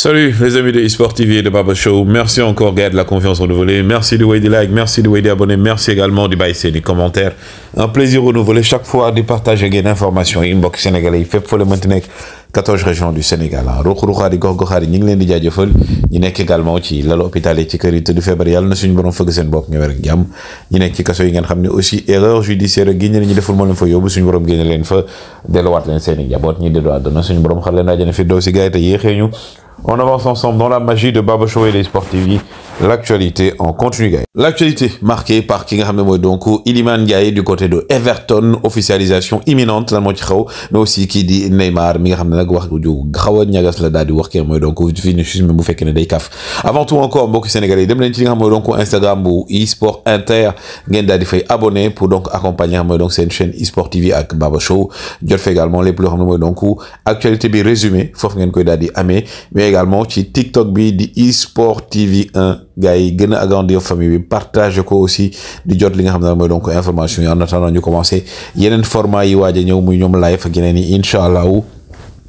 Salut les amis de eSport TV et de Baba Show. Merci encore Gaël de la confiance renouvelée. Merci de way des likes, merci de way des abonnés, merci également du bail et des commentaires. Un plaisir renouvelé chaque fois de partager des informations. Inbox sénégalais, il fait pour le maintenir. 14 régions du Sénégal hein. ruux-ruuxaat yi gox-goxaat yi Il ngi leen di jaajëfal ñu nekk également ci lalu hôpital yi ci kër yi tëdd feebar yàlla na suñu borom fëgg seen bopp ñu wér ak jàmm ñu ci kaso yi ngeen xam aussi erreur judiciaire ak génne ñu deful moo leen fa yóbbu suñu borom génne leen fa delluwaat leen seen i njaboot ñu delluwaat dana suñu borom xar leen daajane fi doo si gars yi ñu on avance ensemble dans la magie de Show et les Sport TV. L'actualité en continu L'actualité marquée par ki nga xam Iliman Gaye du côté de Everton officialisation imminente la moo mais aussi qui dit Neymar mi nga xam ne wax xaw ñagas la daal di wax kii donc ne day avant tout encore beaucoup Sénégalais yi dem leen ci ou nga sport Instagram bu eSport Inter ngeen daal di fay abonné pour donc accompagner mooy donc une chaîne eSport TV avec Baba Show je fais également les plus grands ne donc actualité bi résumé faut ngeen koy di mais également ci TikTok bi di eSport TV 1 gars yi gën a agrandir famille bi partage ko aussi di jot li nga xam ne mooy donc information yi en attendant ñu commencé yeneen format yi waaj a ñëw muy ñoom a ak yeneen yi incha allahu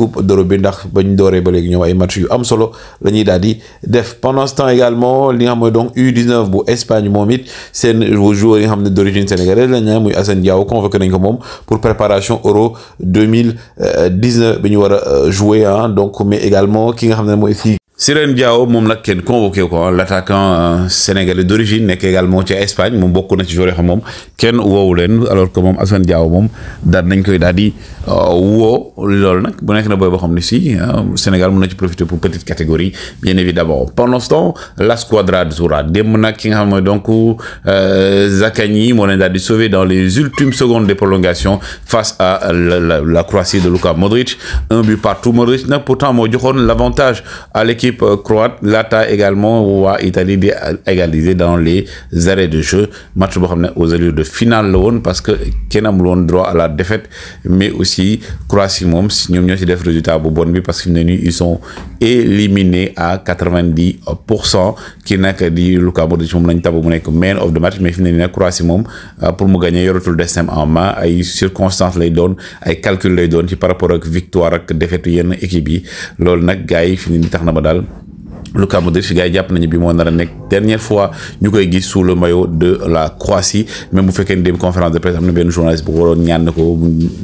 de d'Europe bi ndax bañ dooree ba léegi ñoom ay match yu am solo def pendant ce temps également li nga donc U19 bu Espagne moom sen joueur yi nga d'origine sénégalaise la ñu muy Assane Diao convoqué nañ ko pour préparation Euro 2019 euh, bi ñu war euh, jouer hein donc mais également ki nga xam Sirène Diao moom nag ken convoqué ko hein. l'attaquant hein, sénégalais d'origine est également en Espagne mon bokk na ci joueur alors que moom Assane Diao moom daal nañ koy a euh, bu hein, Sénégal profité pour petite catégorie bien évidemment pendant ce temps la Squadra Zoura, Zoura, nag ki nga xam donc euh, Zaccagni moo dans les ultimes secondes de prolongation face à la Croatie de Luka Modric un but partout Modric pourtant l'avantage à l'équipe équipe euh, croate. Lata également waa Italie dégaliser euh, dans les arrêts de jeu match boo aux allures de finale la parce que Kenam amul droit à la défaite mais aussi Croatie Mom, ñoom ñoo ci def résultat bu bon bi parce que ils sont éliminés à 90%. Kenak dit le cent de nag di Luka Modric moom lañ mu man of the match mais fi mu Croatie Mom, euh, pour mu gagner le destin en main ay circonstances lay donne, ay calcul lay donne, ci par rapport la victoire ak défaite yenn équipe yi loolu nag gars yi fi mu tax na ma Obrigado. Lucas Modric gars japp jàpp nañu bi mo nar a nekk dernière fois ñu gis sous le maillot de la Croatie même bu fekkene ni dem conférence de presse am na benn journaliste bu ko ñaan na ko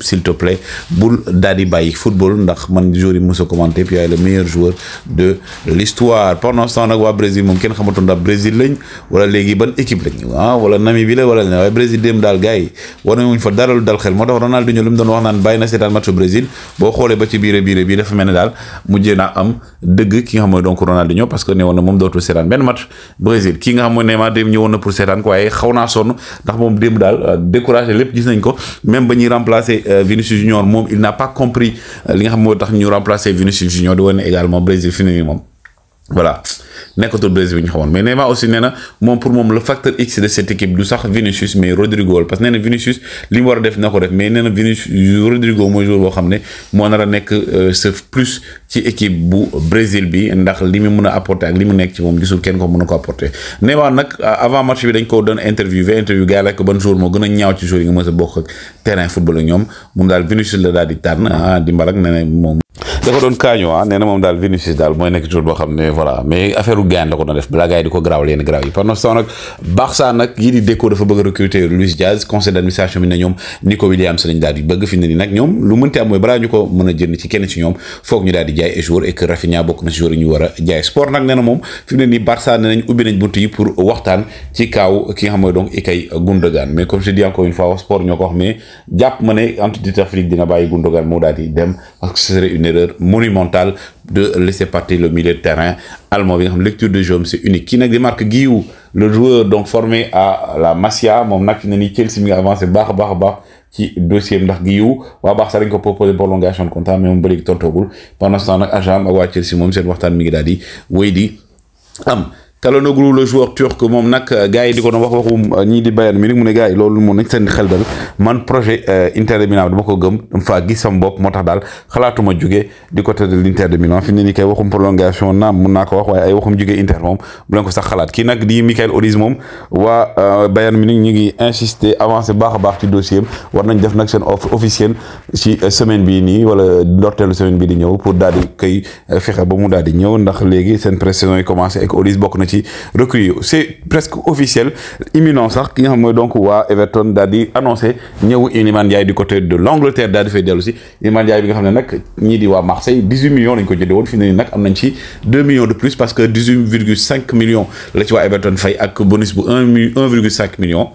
s'il te plaît bul dadi baye football ndax man jori yi commenter puis il est le meilleur joueur de l'histoire pendant ce temps nak wa Brésil mom kenn xamatu ndax Brésil lañ wala légui ban équipe lañ wa ah, wala nami bi la wala waaye Brésil dem dal gars yi wane fa daral dal xel moo tax Ronaldinho li mu doon wax naan bàyyi na match Brésil bo xolé ba ci biir biir bi dafa melni dal daal mujjee am deug ki nga xam mooy donc Ronaldo Ronaldinho parce que newoon mom moom dootul seetaan benn match Brésil ki nga xam mooy Neymar dem ñëwoon pour seetaan ko waaye xaw naa ndax mom dem dal euh, décourager lepp gis nañ ko même ba ñi remplacer euh, Vinicius Junior mom il n'a pas compris euh, li nga xam mo tax ñu remplacer Vinicius Junior di wane également Brésil fi mom voilà nekkatul Brésil bi ñu xamoon mais Neymar aussi nee na moom pour moom le facteur X de cette équipe du sax Vinicius mais Rodrigo parce que nee na Vinicius li mu war a def na ko def mais nee na Rodrigo ne moo nar a nekk sa euh, plus ci équipe bu Brésil bi ndax li mu mun a apporter li mu nekk ci moom gisul kenn ko mun a ko apporter Neymar nag euh, avant match bi dañ ko doon interview vingt interview gars yi laaj ko ban joueur moo gën a ñaaw ci joueur yi nga mës bokk ak terrain football ak ñoom mun daal Vinicius la daal di tànn ah di mbalag nee moom. da doon kaañoo ah nee moom daal Vinicius daal mooy nekk jour boo xam la ko doon yi pendant ce nag Barça nag yii di Deco dafa bëgg a recruter Luis Diaz conseil bi ne ñoom ni ko mën a daal di jaay joueur ne nii Barça ne nañ ubbi nañ bunt yi pour waxtaan ci kaaw ki nga xam mooy donc Ilkay Gundogan mais comme je dis encore sport ñoo ko wax jàpp ma ne entité Afrique dina bàyyi Gundogan moo daal di dem parce que monumental monumentale de laisser partir le milieu de terrain allemand lecture de jeu c'est unique Qui nag di Marc Guiu le joueur donc formé à la Masia mon nag ni Chelsea mi nga avancé baax a baax a baax ci dossier am ndax Guiu waa baax ko proposé prolongation de contrat mais on peut léegi tontoogul pendant ce temps nag agent am ak waa Chelsea moom seen mi ngi am Kalonoglu le joueur turc moom nag euh, gars yi di ko doon wax waxu euh, ñii di Bayern loolu moom nañ seen xel dal man projet euh, Inter de ko gëm faa gis sama bopp moo tax daal xalaatuma jóge di côté de l'Inter de Milan fi mu ne nii kay waxum prolongation naam mun naa ko wax waxum jóge Inter moom bu leen ko sax xalaat kii nag di Michael Olise moom waa Bayern Munich ñu ngi insisté avancer baax a baax ci dossier war nañ def nag seen offre officielle ci semaine bi nii wala ndorteelu semaine bi di ñëw pour daal di koy fexe ba mu daal di ñëw ndax léegi seen pré-saison yi commencé ak Olise bokk na ci c'est presque officiel imminent sax ki nga xam mooy donc waa Everton daal di annoncé ñëwu une Ndiaye du côté de l'Angleterre daal di aussi dellu si dit Ndiaye bi nga Marseille 18 millions lañ ko de woon fi 2 millions de plus parce que 18,5 millions la ci waa Everton fay ak bonus pour 1,5 millions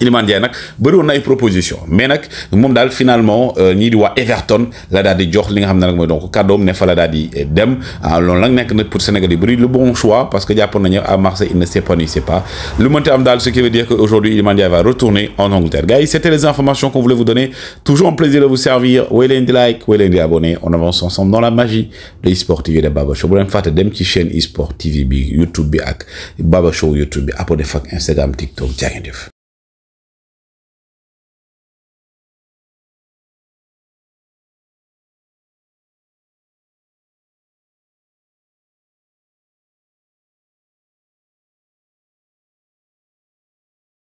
il m'a dit nak nag on na proposition mais nak mom dal finalement ni euh, di Wa Everton la dal di jox li nga xam nak nag donc cadeau ne fa la dal di dem ah, loolu nak nek na pour Sénégal yi le bon choix parce que jàppoon nañu à Marseille il ne sait pas lu mënti am dal ce qui veut dire que aujourd'hui dit il va retourner en Angleterre gars c'était les informations qu'on voulait vous donner toujours un plaisir de vous servir woy leen like woy leen abonné on avance ensemble dans la magie de sport TV de Baba Show bu leen dem ci chaîne sport TV bi YouTube bi ak Baba Show YouTube bi Apple def fac Instagram TikTok jaa